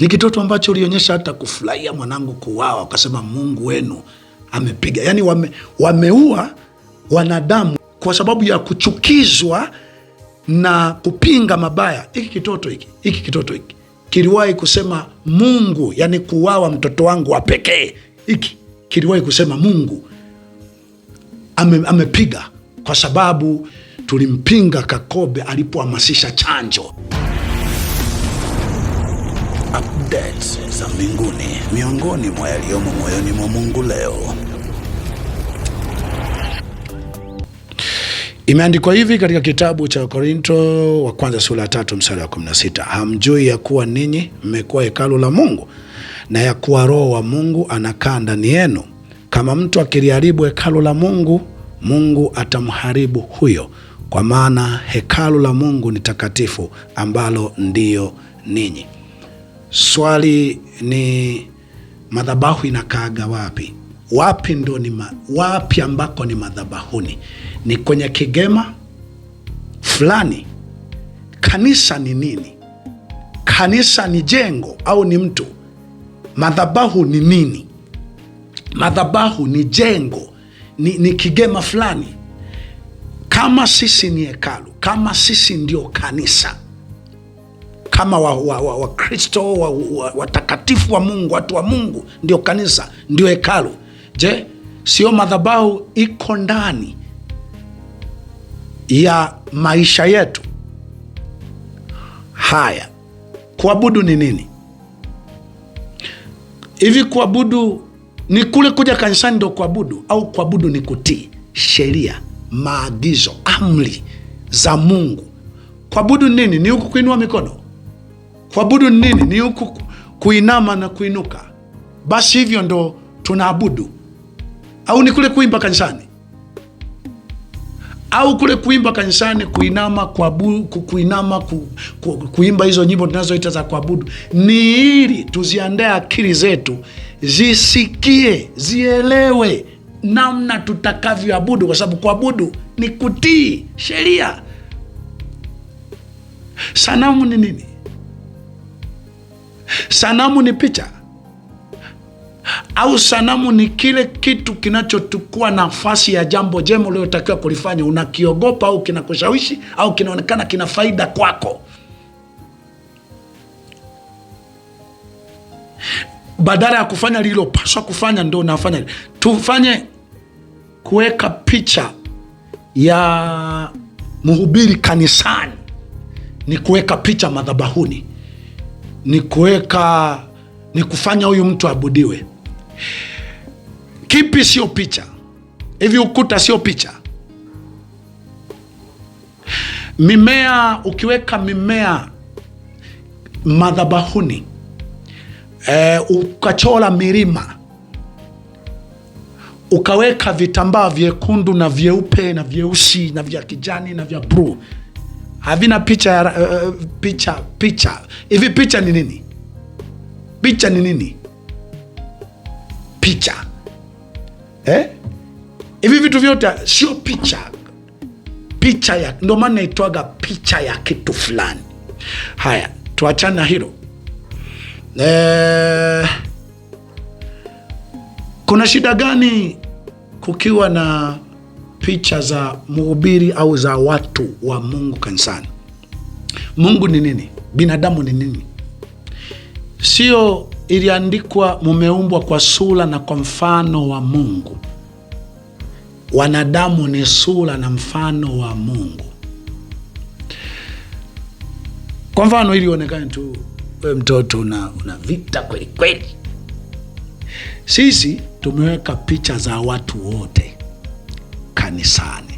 ni kitoto ambacho ulionyesha hata kufurahia mwanangu kuwawa ukasema Mungu wenu amepiga. Yani wame, wameua wanadamu kwa sababu ya kuchukizwa na kupinga mabaya. Hiki kitoto hiki hiki kitoto hiki kiliwahi kusema Mungu, yani kuwawa mtoto wangu wa pekee hiki kiliwahi kusema Mungu ame, amepiga kwa sababu tulimpinga Kakobe alipohamasisha chanjo. Updates za mbinguni miongoni mwa yaliyomo moyoni mwa Mungu leo. Imeandikwa hivi katika kitabu cha korinto wa kwanza sura ya tatu mstari wa 16, hamjui ya kuwa ninyi mmekuwa hekalu la Mungu na ya kuwa Roho wa Mungu anakaa ndani yenu. Kama mtu akiliharibu hekalu la Mungu, Mungu atamharibu huyo, kwa maana hekalu la Mungu ni takatifu, ambalo ndiyo ninyi swali ni madhabahu inakaaga wapi? Wapi ndo ni ma, wapi ambako ni madhabahuni? Ni kwenye kigema fulani? Kanisa ni nini? Kanisa ni jengo au ni mtu? Madhabahu ni nini? Madhabahu ni jengo, ni, ni kigema fulani. Kama sisi ni hekalu, kama sisi ndio kanisa kama Wakristo wa, wa, wa wa, watakatifu wa Mungu, watu wa Mungu, ndio kanisa, ndio hekalu. Je, sio madhabahu iko ndani ya maisha yetu haya? Kuabudu ni nini hivi? Kuabudu ni kule kuja kanisani ndo kuabudu, au kuabudu ni kutii sheria, maagizo, amri za Mungu? Kuabudu nini? Ni huku kuinua mikono Kuabudu ni nini? Ni huku kuinama na kuinuka. Basi hivyo ndo tunaabudu, au ni kule kuimba kanisani? Au kule kuimba kanisani, kuinama, kuabudu, kuinama, ku, ku, kuimba hizo nyimbo tunazoita za kuabudu, ni ili tuziandae akili zetu zisikie, zielewe namna tutakavyoabudu, kwa sababu kuabudu ni kutii sheria. Sanamu ni nini? Sanamu ni picha au sanamu ni kile kitu kinachotukua nafasi ya jambo jema uliotakiwa kulifanya, unakiogopa au kinakushawishi au kinaonekana kina faida kwako. Badala ya kufanya lililopaswa kufanya, ndo unafanya. Tufanye kuweka picha ya mhubiri kanisani ni kuweka picha madhabahuni ni kuweka ni kufanya huyu mtu abudiwe. Kipi sio picha? Hivi ukuta sio picha? Mimea, ukiweka mimea madhabahuni e, ukachola milima ukaweka vitambaa vyekundu na vyeupe na vyeusi na vya kijani na vya bluu havina picha uh, picha picha. Hivi picha ni nini? Picha ni nini? Picha eh? Hivi vitu vyote sio picha. Picha ya ndio maana naitwaga picha ya kitu fulani. Haya, na hilo eh, kuna shida gani kukiwa na picha za mhubiri au za watu wa Mungu kanisani. Mungu ni nini? Binadamu ni nini? Sio iliandikwa mumeumbwa kwa sura na kwa mfano wa Mungu. Wanadamu ni sura na mfano wa Mungu. Kwa mfano ili uonekane tu we mtoto una, una vita kweli kweli. Sisi tumeweka picha za watu wote kanisani.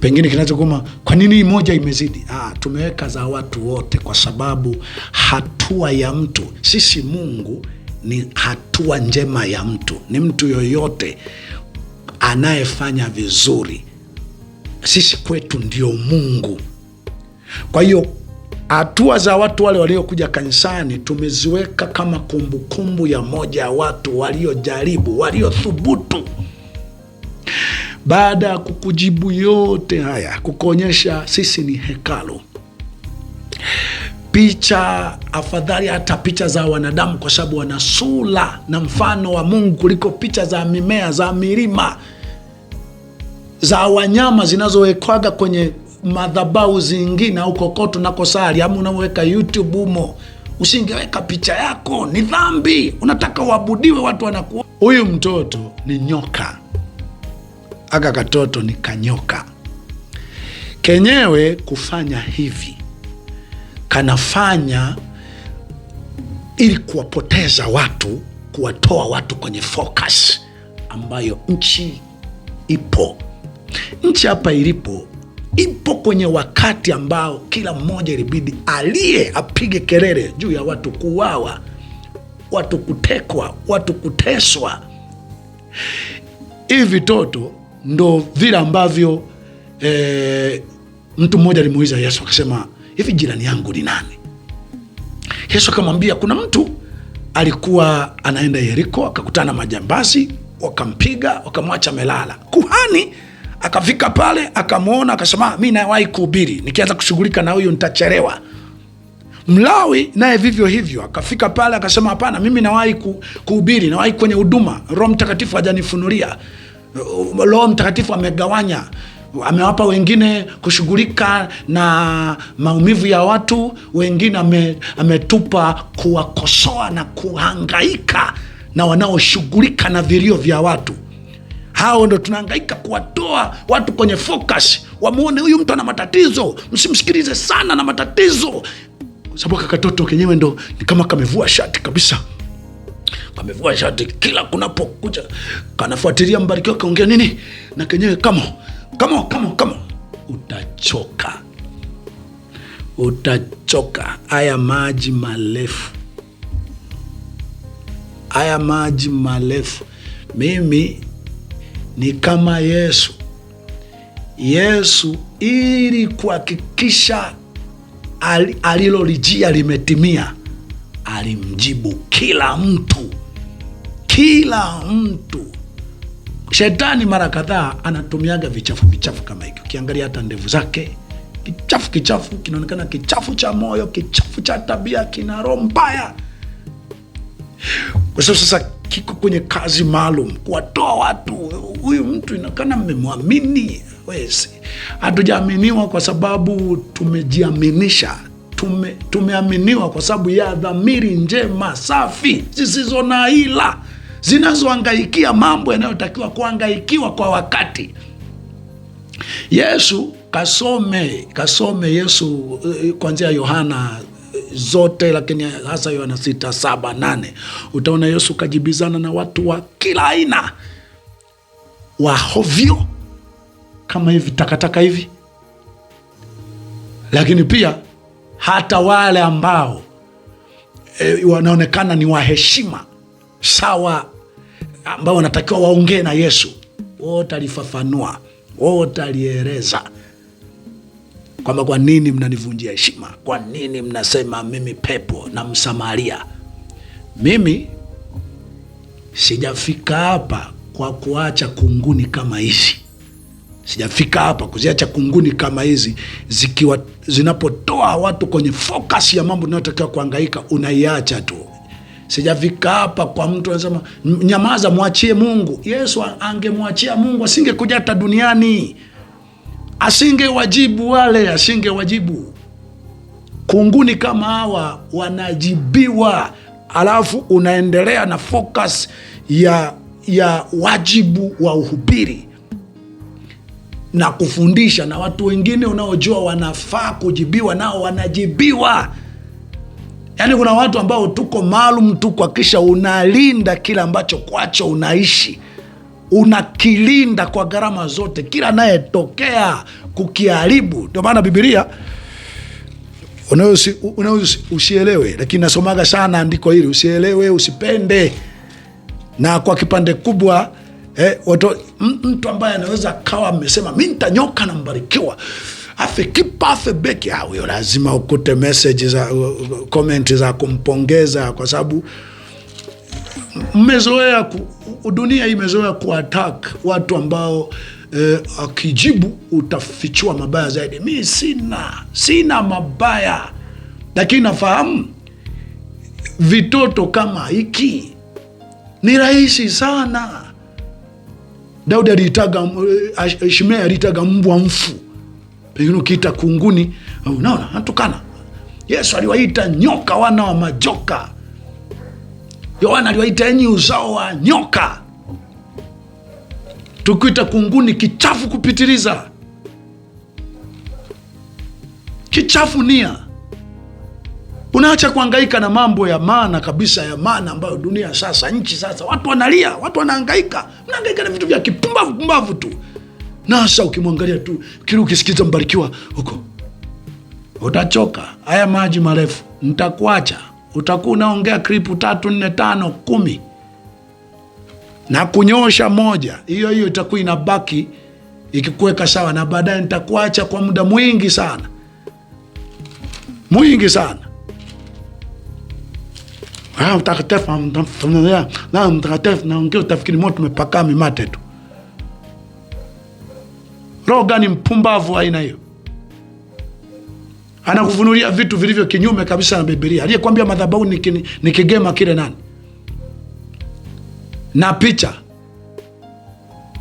Pengine kinachokuma kwa nini moja imezidi? Ah, tumeweka za watu wote, kwa sababu hatua ya mtu, sisi Mungu ni hatua njema ya mtu, ni mtu yoyote anayefanya vizuri, sisi kwetu ndio Mungu. Kwa hiyo hatua za watu wale waliokuja kanisani tumeziweka kama kumbukumbu kumbu ya moja ya watu waliojaribu, waliothubutu baada ya kukujibu yote haya, kukuonyesha sisi ni hekalu picha afadhali hata picha za wanadamu, kwa sababu wana sura na mfano wa Mungu kuliko picha za mimea, za milima, za wanyama zinazowekwaga kwenye madhabahu zingine au kokoto kosari, ama unaweka YouTube humo. Usingeweka picha yako, ni dhambi. Unataka uabudiwe, watu wanakuona. Huyu mtoto ni nyoka aka katoto ni kanyoka kenyewe. Kufanya hivi kanafanya ili kuwapoteza watu, kuwatoa watu kwenye focus ambayo nchi ipo. Nchi hapa ilipo ipo kwenye wakati ambao kila mmoja ilibidi aliye apige kelele juu ya watu kuuawa, watu kutekwa, watu kuteswa. Hii vitoto ndo vile ambavyo e, mtu mmoja alimuuliza Yesu akasema, hivi jirani yangu ni nani? Yesu akamwambia, kuna mtu alikuwa anaenda Yeriko akakutana majambazi, wakampiga wakamwacha melala. Kuhani akafika pale akamwona, akasema mi nawahi kuhubiri, nikianza kushughulika na huyu nitachelewa. Mlawi naye vivyo hivyo akafika pale akasema, hapana, mimi nawahi kuhubiri, nawahi kwenye huduma, Roho Mtakatifu hajanifunulia. Roho Mtakatifu amegawanya amewapa wengine kushughulika na maumivu ya watu, wengine ame, ametupa kuwakosoa na kuhangaika na wanaoshughulika na vilio vya watu. Hao ndo tunahangaika kuwatoa watu kwenye focus, wamwone huyu mtu ana matatizo, msimsikilize sana na matatizo, sababu kakatoto kenyewe ndo ni kama kamevua shati kabisa kamevua shati kila kunapokucha, kanafuatilia Mbarikiwa kaongea nini na kenyewe, kamo kamo kamo kamo, utachoka utachoka. Haya maji marefu, haya maji marefu. Mimi ni kama Yesu. Yesu ili kuhakikisha alilolijia limetimia, alimjibu kila mtu kila mtu. Shetani mara kadhaa anatumiaga vichafu vichafu kama hiki. Ukiangalia hata ndevu zake kichafu kichafu, kinaonekana kichafu cha moyo, kichafu cha tabia, kina roho mbaya, kwa sababu sasa kiko kwenye kazi maalum kuwatoa watu. Huyu mtu inaonekana mmemwamini wezi hatujaaminiwa kwa sababu tumejiaminisha tume, tumeaminiwa kwa sababu ya dhamiri njema safi zisizo na ila zinazoangaikia mambo yanayotakiwa kuangaikiwa kwa wakati. Yesu kasome, kasome Yesu eh, kuanzia Yohana eh, zote lakini hasa Yohana sita saba nane utaona Yesu kajibizana na watu wa kila aina wahovyo kama hivi takataka hivi, lakini pia hata wale ambao e, wanaonekana ni waheshima sawa ambao wanatakiwa waongee na Yesu, wote alifafanua, wote alieleza kwamba kwa nini mnanivunjia heshima, kwa nini mnasema mimi pepo na Msamaria. Mimi sijafika hapa kwa kuacha kunguni kama hizi, sijafika hapa kuziacha kunguni kama hizi zikiwa zinapotoa watu kwenye fokasi ya mambo unayotakiwa kuangaika, unaiacha tu Sijafika hapa kwa mtu anasema nyamaza, mwachie Mungu. Yesu angemwachia Mungu asingekuja hata duniani, asingewajibu wale, asingewajibu kunguni kama hawa wanajibiwa, alafu unaendelea na focus ya ya wajibu wa uhubiri na kufundisha, na watu wengine unaojua wanafaa kujibiwa nao wanajibiwa. Yaani kuna watu ambao tuko maalum tu kuhakikisha unalinda kile ambacho kwacho unaishi, unakilinda kwa gharama zote, kila anayetokea kukiharibu. Ndio maana Bibilia unaweza usielewe, lakini nasomaga sana andiko hili, usielewe, usipende, na kwa kipande kubwa eh, watu, mtu ambaye anaweza kawa amesema mi nitanyoka na mbarikiwa afikipafebeki ah, huyo, lazima ukute message za uh, uh, comment za kumpongeza, kwa sababu mmezoea ku, dunia imezoea kuattack watu ambao eh, akijibu utafichua mabaya zaidi. Mi sina sina mabaya, lakini nafahamu vitoto kama hiki ni rahisi sana. Daudi alitaga eh, Shimei alitaga mbwa mfu pengine ukiita kunguni, unaona anatukana. Yesu aliwaita nyoka wana wa majoka. Yohana aliwaita enyi uzao wa nyoka. Tukuita kunguni kichafu kupitiliza, kichafu nia. Unaacha kuangaika na mambo ya maana kabisa ya maana ambayo dunia sasa, nchi sasa, watu wanalia, watu wanaangaika Mnaangaika na vitu vya kipumbavu pumbavu tu na hasa ukimwangalia tu kile, ukisikiza Mbarikiwa huko utachoka. Haya maji marefu, ntakuacha. Utakuwa unaongea kripu tatu nne tano kumi na kunyosha moja, hiyo hiyo itakuwa inabaki ikikuweka sawa, na baadaye ntakuacha kwa muda mwingi sana mwingi sana mtakatifu ah, mtakatifu, naongea utafikiri moto umepaka mimate tu. Roho gani mpumbavu aina hiyo? Anakufunulia vitu vilivyo kinyume kabisa na Biblia. Aliyekwambia madhabahu ni kigema kile nani? Na picha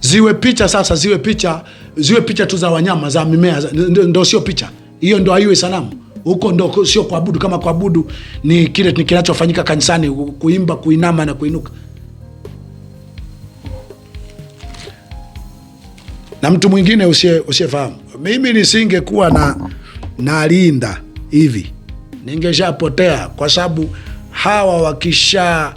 ziwe picha sasa, ziwe picha, ziwe picha tu za wanyama, za mimea, ndo sio picha hiyo, ndo haiwe sanamu huko, ndo sio kuabudu. Kama kuabudu ni kile kinachofanyika kanisani, kuimba, kuinama na kuinuka. na mtu mwingine usiyefahamu. Mimi nisingekuwa na nalinda hivi, ningeshapotea kwa sababu hawa wakisha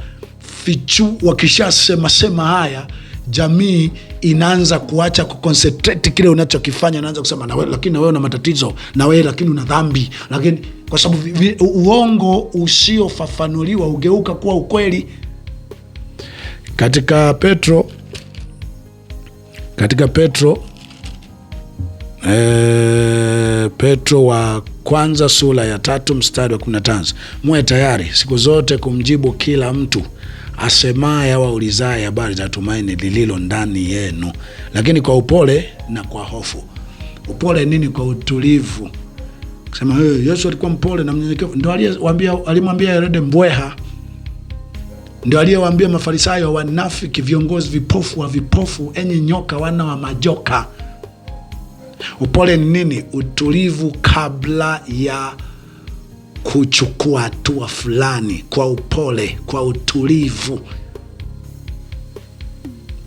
fichu wakisha sema haya, jamii inaanza kuacha kuconcentrate kile unachokifanya, naanza kusema na wewe, lakini na wewe una matatizo, na wewe lakini una dhambi, lakini kwa sababu uongo usiofafanuliwa ugeuka kuwa ukweli. Katika Petro katika Petro e, Petro wa kwanza sura ya tatu mstari wa 15, muwe tayari siku zote kumjibu kila mtu asemaye au aulizaye habari za tumaini lililo ndani yenu, lakini kwa upole na kwa hofu. Upole nini? Kwa utulivu, kusema Yesu alikuwa mpole na mnyenyekevu, ndo alimwambia Herode mbweha ndio aliyewaambia Mafarisayo, wanafiki, viongozi vipofu wa vipofu, enyi nyoka, wana wa majoka. Upole ni nini? Utulivu kabla ya kuchukua hatua fulani, kwa upole, kwa utulivu,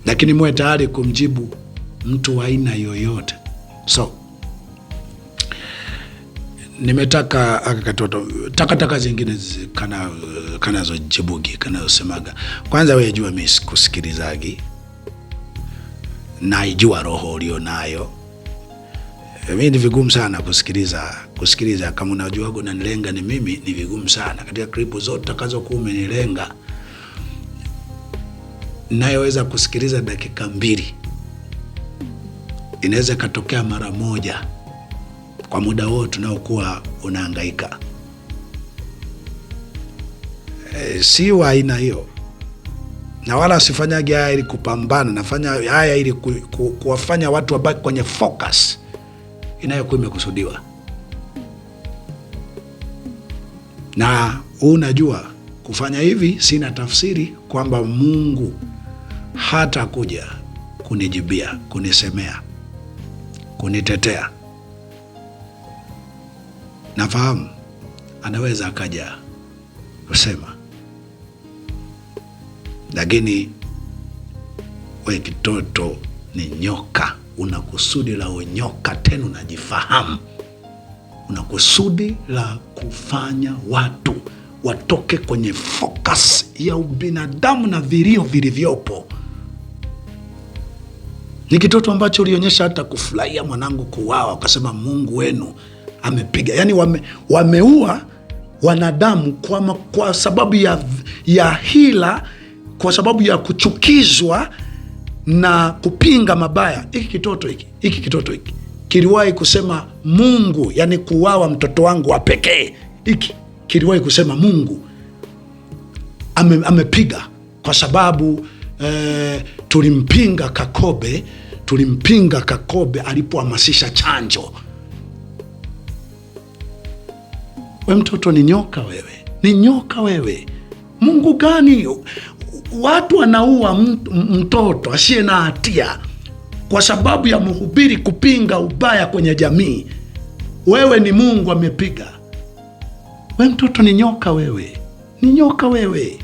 lakini muwe tayari kumjibu mtu wa aina yoyote. So nimetaka akakatoto takataka zingine kana kanazojibugi kanazosemaga kwanza, wewe jua mimi sikusikilizagi, naijua roho ulio nayo. Mimi ni vigumu sana kusikiliza kusikiliza, kama unajua unanilenga ni mimi, ni vigumu sana. Katika klipu zote takazokuwa umenilenga, nayoweza kusikiliza dakika mbili, inaweza ikatokea mara moja kwa muda wote unaokuwa unahangaika. E, si wa aina hiyo, na wala asifanyage haya ili kupambana, nafanya haya ili ku, ku, kuwafanya watu wabaki kwenye focus inayokuwa imekusudiwa. Na unajua kufanya hivi, sina tafsiri kwamba Mungu hata kuja kunijibia, kunisemea, kunitetea nafahamu anaweza akaja kusema, lakini we kitoto ni nyoka, una kusudi la unyoka, tena unajifahamu, una kusudi la kufanya watu watoke kwenye focus ya ubinadamu na vilio vilivyopo. Ni kitoto ambacho ulionyesha hata kufurahia mwanangu kuwawa ukasema Mungu wenu amepiga. Yani wame, wameua wanadamu kwa, ma, kwa sababu ya, ya hila, kwa sababu ya kuchukizwa na kupinga mabaya. Hiki kitoto hiki hiki kitoto hiki kiliwahi kusema Mungu, yani kuwawa mtoto wangu wa pekee, hiki kiliwahi kusema Mungu amepiga kwa sababu eh, tulimpinga Kakobe, tulimpinga Kakobe alipohamasisha chanjo. We mtoto ni nyoka wewe, ni nyoka wewe. Mungu gani? Watu wanaua mtoto asiye na hatia kwa sababu ya mhubiri kupinga ubaya kwenye jamii. Wewe ni Mungu amepiga we mtoto, ni nyoka wewe, ni nyoka wewe,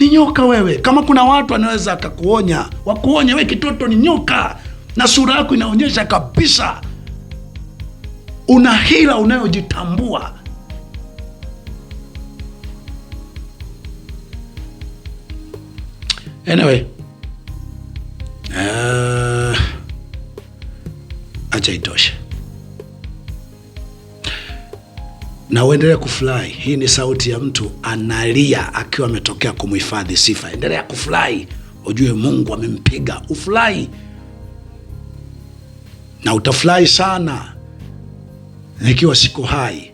ni nyoka wewe. Kama kuna watu anaweza akakuonya, wakuonya we, kitoto ni nyoka na sura yako inaonyesha kabisa una hila unayojitambua. Anyway, uh, acha itoshe na uendelee kufurahi. Hii ni sauti ya mtu analia akiwa ametokea kumhifadhi sifa. Endelea kufurahi, ujue Mungu amempiga. Ufurahi na utafurahi sana nikiwa siko hai,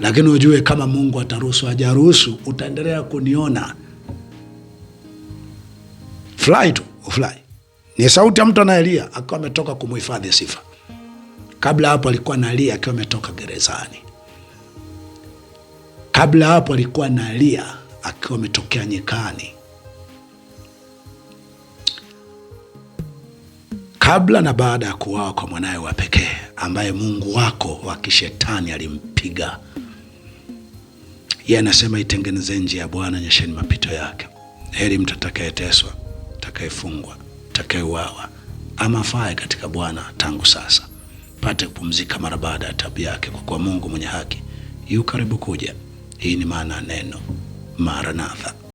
lakini ujue kama Mungu ataruhusu, hajaruhusu, utaendelea kuniona. fly tu fly. Ni sauti ya mtu anayelia akiwa ametoka kumuhifadhi sifa. Kabla hapo alikuwa analia akiwa ametoka gerezani. Kabla hapo alikuwa analia akiwa ametokea nyikani. kabla na baada ya kuwawa kwa mwanawe wa pekee ambaye mungu wako wa kishetani alimpiga yeye anasema itengeneze njia ya Bwana, nyesheni mapito yake. Heri mtu atakayeteswa, atakayefungwa, atakayeuawa ama afaye katika Bwana tangu sasa, pate kupumzika mara baada ya tabu yake, kwa kuwa Mungu mwenye haki yu karibu kuja. Hii ni maana neno Maranatha.